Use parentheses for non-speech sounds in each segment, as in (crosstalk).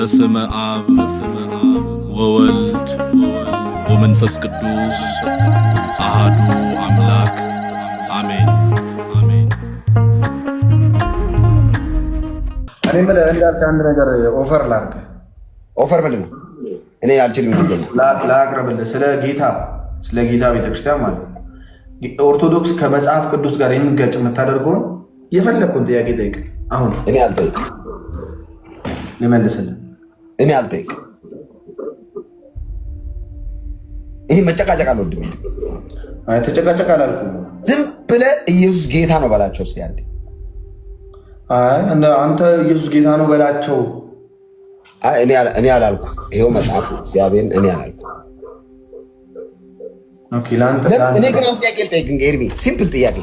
በስመ አብ ወወልድ ወመንፈስ ቅዱስ አሃዱ አምላክ አሜን። እኔ የምልህ እንዳልክ አንድ ነገር ኦፈር ላድርግ። ኦፈር ምንድን ነው? እኔ አልችልም። ላቅርብልህ። ስለ ጌታ ስለ ጌታ ቤተክርስቲያን ማለት ኦርቶዶክስ ከመጽሐፍ ቅዱስ ጋር የሚጋጭ የምታደርገውን የፈለግኩን ጥያቄ ጠይቅ። አሁን እኔ አልጠይቅ ልመልስልህ እኔ አልጠይቅም። ይሄ መጨቃጨቅ አልወድም። ተጨቃጨቅ አላልኩም። ዝም ብለህ ኢየሱስ ጌታ ነው በላቸው። እስኪ አንዴ አንተ ኢየሱስ ጌታ ነው በላቸው። እኔ አላልኩ። ይኸው መጽሐፉ እግዚአብሔርን እኔ አላልኩ። እኔ ግን አንድ ጥያቄ ልጠይቅ። ኤርሚ ሲምፕል ጥያቄ፣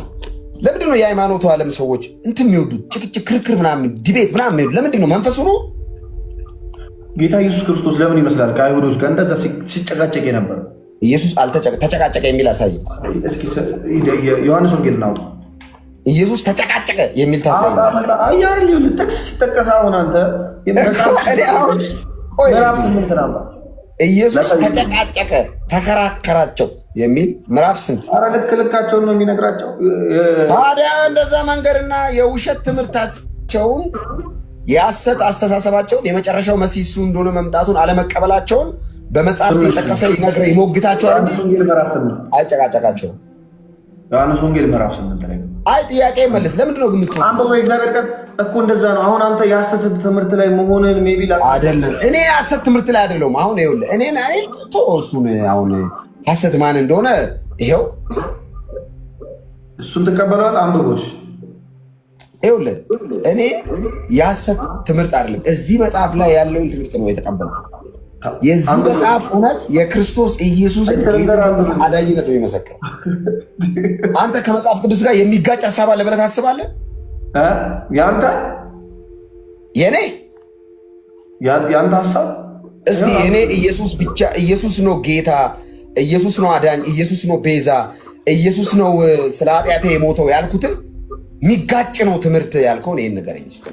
ለምንድን ነው የሃይማኖቱ ዓለም ሰዎች እንትን የሚወዱት ጭቅጭቅ፣ ክርክር፣ ምናምን ዲቤት ምናምን የሚወዱት ለምንድን ነው? መንፈሱ ነው ጌታ ኢየሱስ ክርስቶስ ለምን ይመስላል ከአይሁዶች ጋር እንደዛ ሲጨቃጨቅ ነበር? ኢየሱስ ተጨቃጨቀ የሚል አሳየ ዮሐንስ ወንጌል እናውጣ። ኢየሱስ ተጨቃጨቀ የሚል ታሳይ ጥቅስ ሲጠቀስ አሁን አንተ ኢየሱስ ተጨቃጨቀ፣ ተከራከራቸው የሚል ምዕራፍ ስንት? ኧረ ልክ ልካቸውን ነው የሚነግራቸው። ታዲያ እንደዛ መንገድና የውሸት ትምህርታቸውን የሐሰት አስተሳሰባቸውን የመጨረሻው መሲህ እሱ እንደሆነ መምጣቱን አለመቀበላቸውን በመጽሐፍ ተጠቀሰ ይነግረ ይሞግታቸዋል እንጂ አይጨቃጨቃቸውም። ዮሐንስ ወንጌል ምዕራፍ ስምንት ላይ አይ ጥያቄ መልስ። ለምንድን ነው ግምት አንብቦ የእግዚአብሔር ቀን እኮ እንደዛ ነው። አሁን አንተ የሐሰት ትምህርት ላይ መሆንን ቢ አይደለም። እኔ የሐሰት ትምህርት ላይ አይደለሁም። አሁን ይኸውልህ እኔ እኔ እሱን አሁን ሐሰት ማን እንደሆነ ይኸው እሱን ትቀበለዋል። አንብቦች ይኸውልህ እኔ የሐሰት ትምህርት አይደለም እዚህ መጽሐፍ ላይ ያለውን ትምህርት ነው የተቀበልኩት። የዚህ መጽሐፍ እውነት የክርስቶስ ኢየሱስን አዳኝነት ነው የመሰከረው። አንተ ከመጽሐፍ ቅዱስ ጋር የሚጋጭ ሀሳብ አለ ብለህ ታስባለህ? ያንተ የኔ ያንተ ሀሳብ እስቲ እኔ ኢየሱስ ብቻ ኢየሱስ ነው ጌታ፣ ኢየሱስ ነው አዳኝ፣ ኢየሱስ ነው ቤዛ፣ ኢየሱስ ነው ስለ ኃጢአቴ የሞተው ያልኩትን የሚጋጭ ነው ትምህርት ያልከውን ይህን ነገር እስኪ።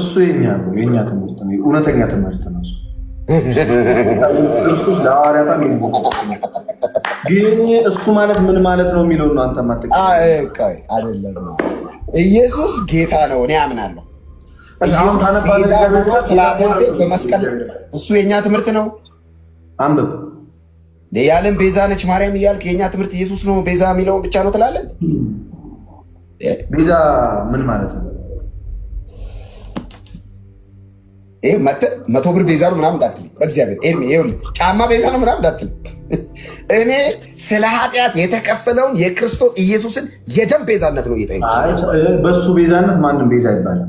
እሱ የኛ ነው የኛ ትምህርት ነው እውነተኛ ትምህርት ነው። ግን እሱ ማለት ምን ማለት ነው የሚለው ነው። አንተ ማት አይደለም ኢየሱስ ጌታ ነው እኔ አምናለሁ። ስለአባቴ በመስቀል እሱ የእኛ ትምህርት ነው። አንብብ የዓለም ቤዛ ነች ማርያም እያልክ የእኛ ትምህርት ኢየሱስ ነው ቤዛ የሚለውን ብቻ ነው ትላለን ቤዛ ምን ማለት ነው? መቶ ብር ቤዛ ነው ምናምን እንዳትል፣ በእግዚአብሔር ጫማ ቤዛ ነው ምናምን እንዳትል። እኔ ስለ ኃጢአት የተከፈለውን የክርስቶስ ኢየሱስን የደም ቤዛነት ነው እየጠየኩ። በሱ ቤዛነት ማንም ቤዛ ይባላል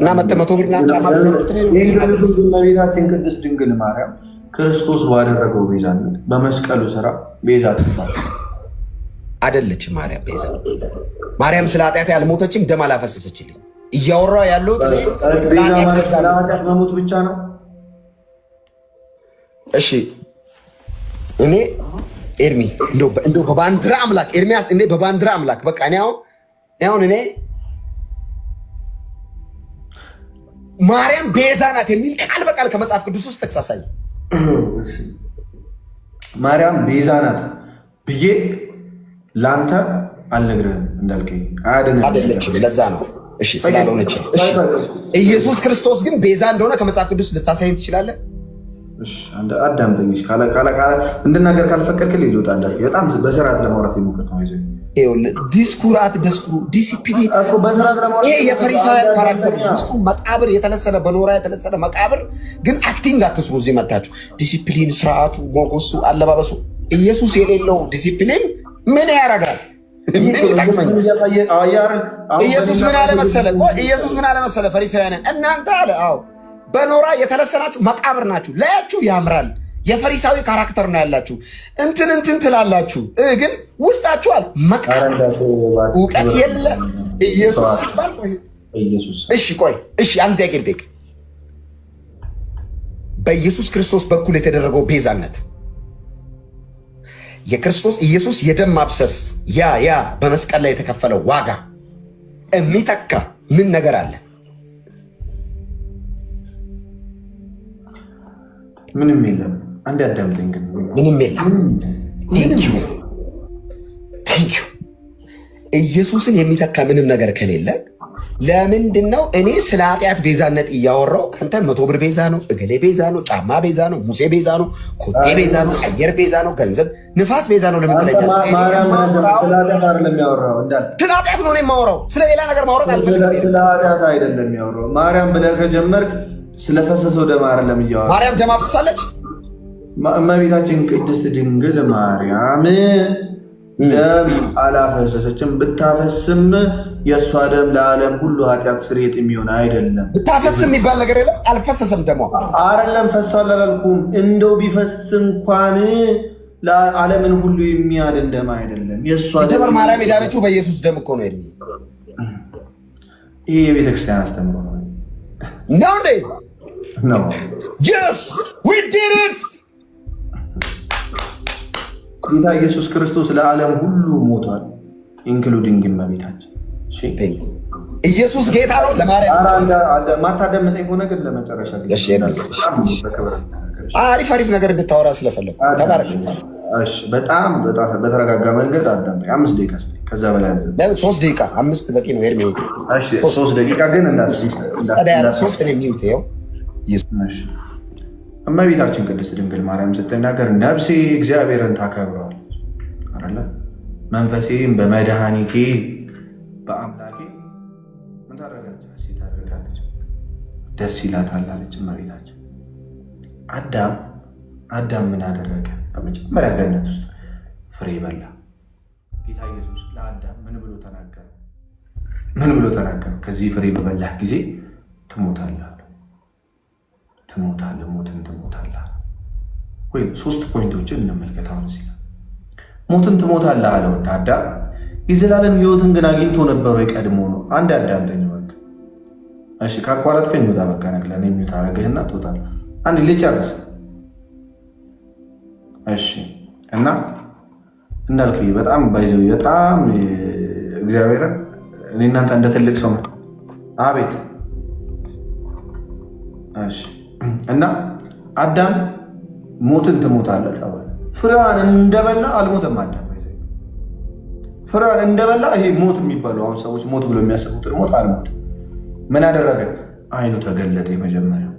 እና መተህ መቶ ብር ጫማ ቤዛችን ቅድስት ድንግል ማርያም ክርስቶስ ባደረገው ቤዛነት በመስቀሉ ስራ ቤዛ ትባላል። አደለችም። ማርያም ቤዛ ማርያም ስለ ኃጢአት ያልሞተችም ደም አላፈሰሰችልኝ። እያወራ ያለሁት መሞት ብቻ ነው። እሺ እኔ ኤርሚ እንደው በባንዲራ አምላክ ኤርሚያስ፣ እኔ በባንዲራ አምላክ በቃ እኔ አሁን እኔ አሁን እኔ ማርያም ቤዛ ናት የሚል ቃል በቃል ከመጽሐፍ ቅዱስ ውስጥ ተክሳሳይ ማርያም ቤዛ ናት ብዬ ለአንተ አልነግርህም እንዳልከኝ አይደለችም። ለዛ ነው እሺ ስላልሆነች። ኢየሱስ ክርስቶስ ግን ቤዛ እንደሆነ ከመጽሐፍ ቅዱስ ልታሳይ ትችላለህ። አዳምጠኝ እንድናገር ካልፈቀድክል ልወጣ በጣም በስርዓት ለማውራት የሞከር ነው ይዘ ዲስኩራት ደስኩሩ ዲሲፕሊን ይሄ የፈሪሳውያን ካራክተር ውስጡ መቃብር የተለሰነ በኖራ የተለሰነ መቃብር። ግን አክቲንግ አትስሩ። እዚህ መታችሁ ዲሲፕሊን፣ ስርዓቱ፣ ሞጎሱ፣ አለባበሱ ኢየሱስ የሌለው ዲሲፕሊን ምን ያረጋል? ምን ይጠቅመኛል? ኢየሱስ ምን አለ መሰለህ? ኢየሱስ ምን አለ መሰለህ? ፈሪሳውያን እናንተ አለ አዎ በኖራ የተለሰናችሁ መቃብር ናችሁ። ላያችሁ ያምራል፣ የፈሪሳዊ ካራክተር ነው ያላችሁ። እንትን እንትን ትላላችሁ፣ ግን ውስጣችኋል መቃብር፣ እውቀት የለ። ኢየሱስ ሲባል እሺ፣ ቆይ እሺ፣ አንድ ጥያቄ በኢየሱስ ክርስቶስ በኩል የተደረገው ቤዛነት የክርስቶስ ኢየሱስ የደም ማብሰስ ያ ያ በመስቀል ላይ የተከፈለው ዋጋ የሚተካ ምን ነገር አለ? ምንም የለም። አንድ አዳምጠኝ ግን ምንም የለም። ኢየሱስን የሚተካ ምንም ነገር ከሌለ ለምንድን ነው እኔ ስለ ኃጢአት ቤዛነት እያወራው አንተ መቶ ብር ቤዛ ነው፣ እገሌ ቤዛ ነው፣ ጫማ ቤዛ ነው፣ ሙሴ ቤዛ ነው፣ ኮቴ ቤዛ ነው፣ አየር ቤዛ ነው፣ ገንዘብ ንፋስ ቤዛ ነው ለምን ለምትለኛል። ስለ ኃጢአት ነው የማወራው፣ ስለ ሌላ ነገር ማውራት አልፈልግም። ስለ ኃጢአት አይደለም የሚያወራው። ማርያም ብለህ ከጀመርክ ስለፈሰሰው ደም አይደለም እያወራሁ። ማርያም ደም አፍስሳለች። እመቤታችን ቅድስት ድንግል ማርያም ደም አላፈሰሰችም፣ ብታፈስም የእሷ ደም ለዓለም ሁሉ ኃጢአት ስርየት የሚሆን አይደለም። ብታፈስ የሚባል ነገር የለም። አልፈሰሰም ደግሞ አይደለም ፈሷል አላልኩም። እንደው ቢፈስ እንኳን ለዓለምን ሁሉ የሚያድን ደም አይደለም። የእሷ ማርያም የዳነችው በኢየሱስ ደም እኮ ነው። የሚ ይሄ የቤተክርስቲያን አስተምሮ ነው እንዴ? ስ ዊዲት ጌታ ኢየሱስ ክርስቶስ ለዓለም ሁሉ ሞቷል። ኢንክሉዲንግ እመቤታችን ኢየሱስ ጌታ ነው። ለማርያም አሪፍ አሪፍ ነገር እንድታወራ ስለፈለግ ተባረክ። በጣም በተረጋጋ መንገድ አዳምጠኝ። አምስት ደቂቃ ከዛ በላይ ሶስት ደቂቃ አምስት በቂ ነው። ሶስት ደቂቃ ግን የሚዩት ው እመቤታችን ቅድስት ድንግል ማርያም ስትናገር ነፍሴ እግዚአብሔርን ታከብረዋል መንፈሴም በመድኃኒቴ በአምላኬ ምን ታደርጋለች? ታደርጋለች፣ ደስ ይላታል አለች እመቤታችን። አዳም አዳም ምን አደረገ? በመጀመሪያ ገነት ውስጥ ፍሬ በላ። ጌታ ኢየሱስ ለአዳም ምን ብሎ ተናገረ? ምን ብሎ ተናገረ? ከዚህ ፍሬ በበላህ ጊዜ ትሞታለህ፣ ትሞታለህ፣ ሞትን ትሞታለህ። ወይም ሶስት ፖይንቶችን እንመልከት። አሁን ሲል ሞትን ትሞታለህ አለውና አዳም የዘላለም ህይወትን ግን አግኝቶ ነበረ የቀድሞ ነው። አንድ አንድ አዳምጠኝ በቃ እሺ። ካቋረጥከኝ ወጣ በቃ ነግለን የሚዩት አረገህና ትወጣለህ። አንድ ልጨርስ እሺ። እና እንዳልክ በጣም ባይዘ በጣም እግዚአብሔር እኔ እናንተ እንደ ትልቅ ሰው ነው። አቤት እሺ። እና አዳም ሞትን ትሞታለህ ተባለ። ፍሬዋን እንደበላ አልሞተም አዳም ፍራን እንደበላ ይሄ ሞት የሚባለው አሁን ሰዎች ሞት ብሎ የሚያስቡትን ሞት አልሞት ምን አደረገ? አይኑ ተገለጠ። የመጀመሪያው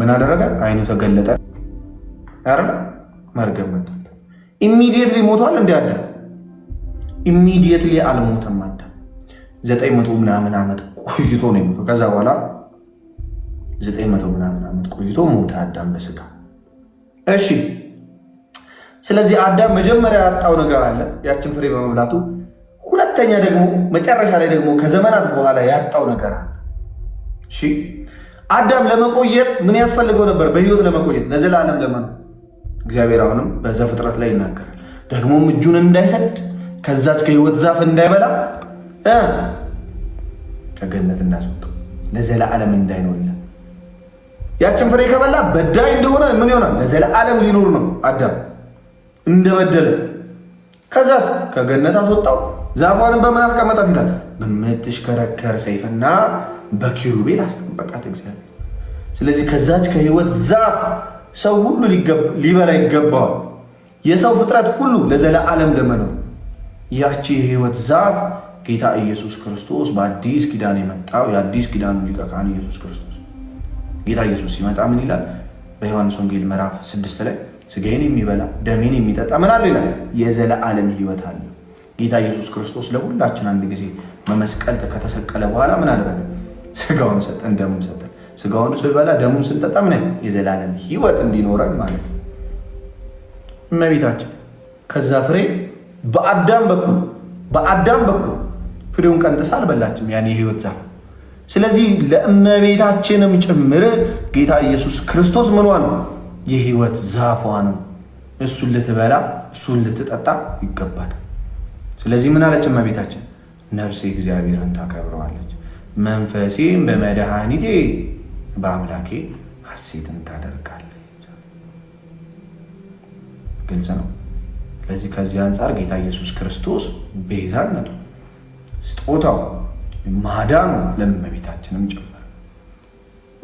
ምን አደረገ? አይኑ ተገለጠ። አረ መርገም ኢሚዲየትሊ ሞቷል። እንዲ አለ ኢሚዲየትሊ አልሞተም። አዳ ዘጠኝ መቶ ምናምን ዓመት ቆይቶ ነው የሞተው። ከዛ በኋላ ዘጠኝ መቶ ምናምን ዓመት ቆይቶ ሞተ አዳም በስጋ እሺ ስለዚህ አዳም መጀመሪያ ያጣው ነገር አለ፣ ያችን ፍሬ በመብላቱ። ሁለተኛ ደግሞ መጨረሻ ላይ ደግሞ ከዘመናት በኋላ ያጣው ነገር አለ። እሺ አዳም ለመቆየት ምን ያስፈልገው ነበር? በህይወት ለመቆየት ለዘላለም ለመኖር እግዚአብሔር አሁንም በዛ ፍጥረት ላይ ይናገራል። ደግሞም እጁን እንዳይሰድ ከዛች ከህይወት ዛፍ እንዳይበላ ከገነት እንዳስወጣው ለዘላለም እንዳይኖር ይላል። ያችን ፍሬ ከበላ በዳይ እንደሆነ ምን ይሆናል? ለዘላለም ሊኖር ነው አዳም እንደበደለ ከዛ ከገነት አስወጣው። ዛፏንም በምን አስቀመጣት ይላል? በምትሽከረከር ሰይፍና በኪሩቤል አስጠበቃት እግዚአብሔር። ስለዚህ ከዛች ከህይወት ዛፍ ሰው ሁሉ ሊበላ ይገባዋል። የሰው ፍጥረት ሁሉ ለዘላለም ለመኖር ያቺ የህይወት ዛፍ ጌታ ኢየሱስ ክርስቶስ በአዲስ ኪዳን የመጣው የአዲስ ኪዳኑ ሊቀ ካህን ኢየሱስ ክርስቶስ ጌታ ኢየሱስ ሲመጣ ምን ይላል? በዮሐንስ ወንጌል ምዕራፍ ስድስት ላይ ስጋዬን የሚበላ ደሜን የሚጠጣ ምን አለ ይላል የዘለዓለም ህይወት አለ። ጌታ ኢየሱስ ክርስቶስ ለሁላችን አንድ ጊዜ በመስቀል ከተሰቀለ በኋላ ምን አደረገ? ስጋውን ሰጠን፣ ደሙን ሰጠን። ስጋውን ስንበላ ደሙን ስንጠጣ ምን የዘላለም ህይወት እንዲኖረን ማለት ነው። እመቤታችን ከዛ ፍሬ በአዳም በኩል በአዳም በኩል ፍሬውን ቀንጥሳ አልበላችም፣ ያን የህይወት ዛፍ ስለዚህ ለእመቤታችንም ጭምር ጌታ ኢየሱስ ክርስቶስ ምኗ ነው የህይወት ዛፏ ነው። እሱን ልትበላ እሱን ልትጠጣ ይገባል። ስለዚህ ምን አለች እመቤታችን? ነፍሴ እግዚአብሔርን ታከብረዋለች፣ መንፈሴም በመድኃኒቴ በአምላኬ ሐሴትን ታደርጋለች። ግልጽ ነው። ስለዚህ ከዚህ አንጻር ጌታ ኢየሱስ ክርስቶስ ቤዛነቱ፣ ስጦታው፣ ማዳኑ ለእመቤታችንም ጭምር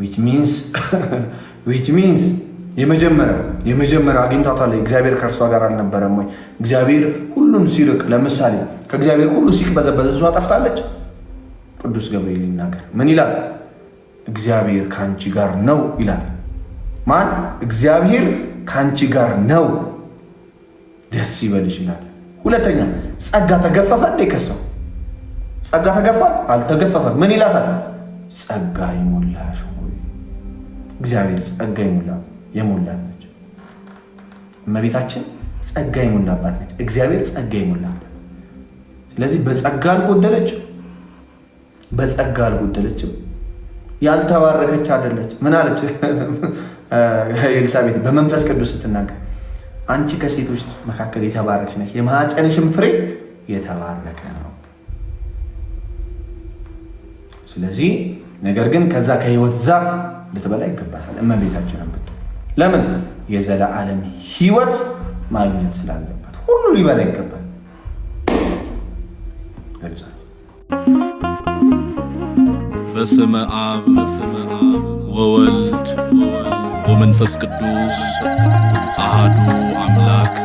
ዊች ሚንስ (laughs) የመጀመሪያው የመጀመሪያው አግኝታታለች። እግዚአብሔር ከእርሷ ጋር አልነበረም ወይ? እግዚአብሔር ሁሉን ሲርቅ፣ ለምሳሌ ከእግዚአብሔር ሁሉ ሲቅበዘበዝ እሷ ጠፍታለች። ቅዱስ ገብርኤል ይናገር ምን ይላል? እግዚአብሔር ከአንቺ ጋር ነው ይላል። ማን? እግዚአብሔር ከአንቺ ጋር ነው፣ ደስ ይበልሽ ይላል። ሁለተኛ ጸጋ ተገፈፈ እንዴ? ከሰው ጸጋ ተገፋል? አልተገፈፈም። ምን ይላታል? ጸጋ ይሞላሽ ወይ? እግዚአብሔር ጸጋ ይሞላል የሞላት ነች። እመቤታችን ጸጋ የሞላባት ነች። እግዚአብሔር ጸጋ የሞላባት ስለዚህ በጸጋ አልጎደለችም፣ በጸጋ አልጎደለችም። ያልተባረከች አይደለች። ምን አለች (laughs) ኤልሳቤት በመንፈስ ቅዱስ ስትናገር አንቺ ከሴቶች መካከል የተባረክሽ ነች፣ የማኅፀንሽም ፍሬ የተባረከ ነው። ስለዚህ ነገር ግን ከዛ ከህይወት ዛፍ ልትበላ ይገባታል እመቤታችንን ብት ለምን የዘላለም ህይወት ማግኘት ስላለበት ሁሉ ሊበላ ይገባል። በስመ አብ ወወልድ ወመንፈስ ቅዱስ አሃዱ አምላክ